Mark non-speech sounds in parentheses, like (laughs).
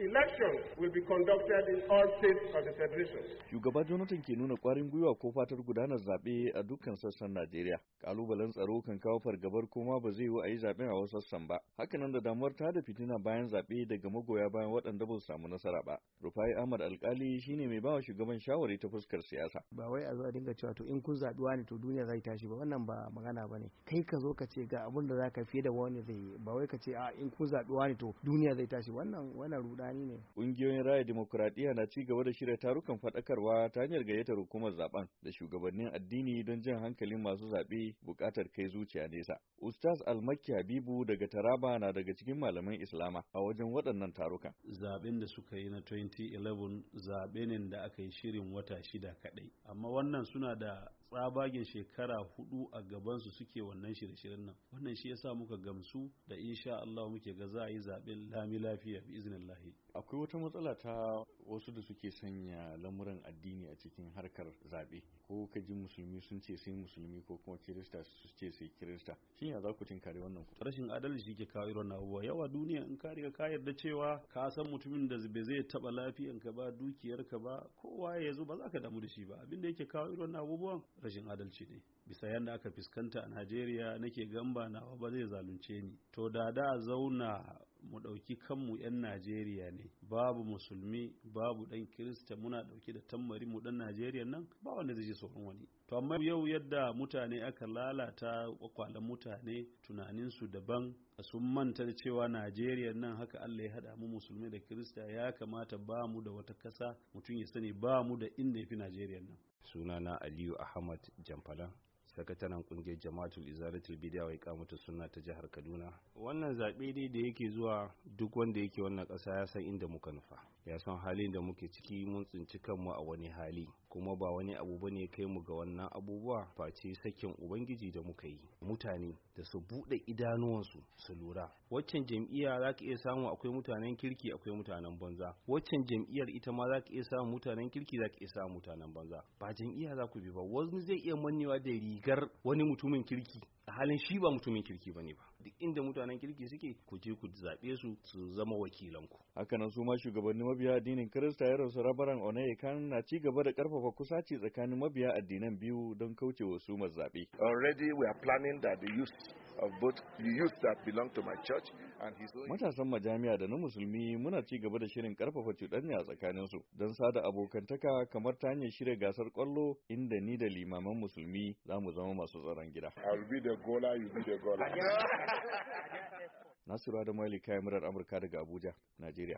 Elections will be conducted in all states of the Federation. Shugaba Jonathan ke nuna kwarin gwiwa ko fatar gudanar zaɓe a dukkan sassan Najeriya. Kalubalen tsaro kan kawo fargabar koma ba zai yi a yi zaɓen a wasu sassan ba. Hakanan da damuwar ta da fitina bayan zaɓe daga magoya bayan waɗanda ba su samu nasara ba. Rufai Ahmad Alkali shine mai bawa shugaban shawari ta fuskar siyasa. Ba wai a zo a dinga cewa to in kun zaɓi ne to duniya zai tashi ba wannan ba magana ba ne. Kai ka zo ka ce ga abin da za ka fiye da wani zai yi ba wai ka ce a in kun zaɓi ne to duniya zai tashi wannan wannan ruɗa ne. Ƙungiyoyin raya demokuraɗiyya na ci gaba da shirya tarukan faɗakarwa ta hanyar gayyatar hukumar zaben da shugabannin addini don jan hankalin masu zaɓe buƙatar kai zuciya nesa. Ustaz Almakki Habibu daga Taraba na daga cikin malaman Islama a wajen waɗannan tarukan. Zaɓen da suka yi na 2011 zaɓe ne da aka yi shirin wata shida kaɗai. Amma wannan suna da tsabagen shekara hudu a gabansu suke wannan shirye-shiryen nan wannan shi yasa muka gamsu da insha Allah muke ga za a yi zaben lami lafiya bi iznillah akwai wata matsala ta wasu da suke sanya lamuran addini a cikin harkar zabe ko ka ji musulmi sun ce sai musulmi ko kuma kirista su ce sai kirista shin ya za ku tinkare wannan ku rashin adalci ke kawo irin abubuwa yawa duniya in ka riga ka yarda cewa ka san mutumin da bai zai taba lafiyanka ba dukiyarka ba kowa ya zo ba za ka damu da shi ba abin da yake kawo irin abubuwan rashin adalci ne bisa yadda aka fuskanta a najeriya nake gamba na ba zai zalunce ni to da da zauna mu ɗauki kanmu 'yan Najeriya ne babu musulmi babu ɗan kirista muna ɗauke da tammari mu ɗan Najeriya nan ba wanda zai ji tsoron wani to amma yau yadda mutane aka lalata kwakwalan mutane tunaninsu daban sun manta da cewa Najeriya nan haka Allah ya haɗa mu musulmi da kirista ya kamata ba mu da wata ƙasa mutum ya sani ba mu da inda ya fi Najeriya nan sunana Aliyu Ahmad Jamfala sakataren kungiyar jama'atul izaratul bidiya wa ikamatu sunna ta jihar kaduna wannan zaɓe dai da yake zuwa duk wanda yake wannan ƙasa ya san inda muka nufa ya san halin da muke ciki mun tsinci kanmu a wani hali kuma ba wani abu bane kai mu ga wannan abubuwa face sakin ubangiji da muka yi mutane da su buɗe idanuwansu su lura waccan jam'iyya za ka iya samu akwai mutanen kirki akwai mutanen banza waccan jam'iyyar ita ma za ka iya samu mutanen kirki za ka iya samu mutanen banza ba jam'iyya za ku bi ba wani zai iya mannewa da shigar wani mutumin kirki a halin shi ba mutumin kirki ne ba duk inda mutanen kirki suke ku je ku zaɓe su su zama wakilanku. Hakanan su ma shugabannin mabiya addinin Kirista ya rasu rabaran Onayekan na ci gaba da ƙarfafa kusaci tsakanin mabiya addinan biyu don wa su zaɓe. Already we are planning that the youth of both the youth that belong to my church and his own. Matasan majami'a da na musulmi muna ci gaba da shirin ƙarfafa cuɗanya tsakanin su don sada abokantaka kamar ta hanyar shirya gasar kwallo inda ni da limaman musulmi za mu zama masu tsaron gida. I'll be the goal. you be the goal. (laughs) Nasiru Adamu Ali kayan murar Amurka daga Abuja, Najeriya.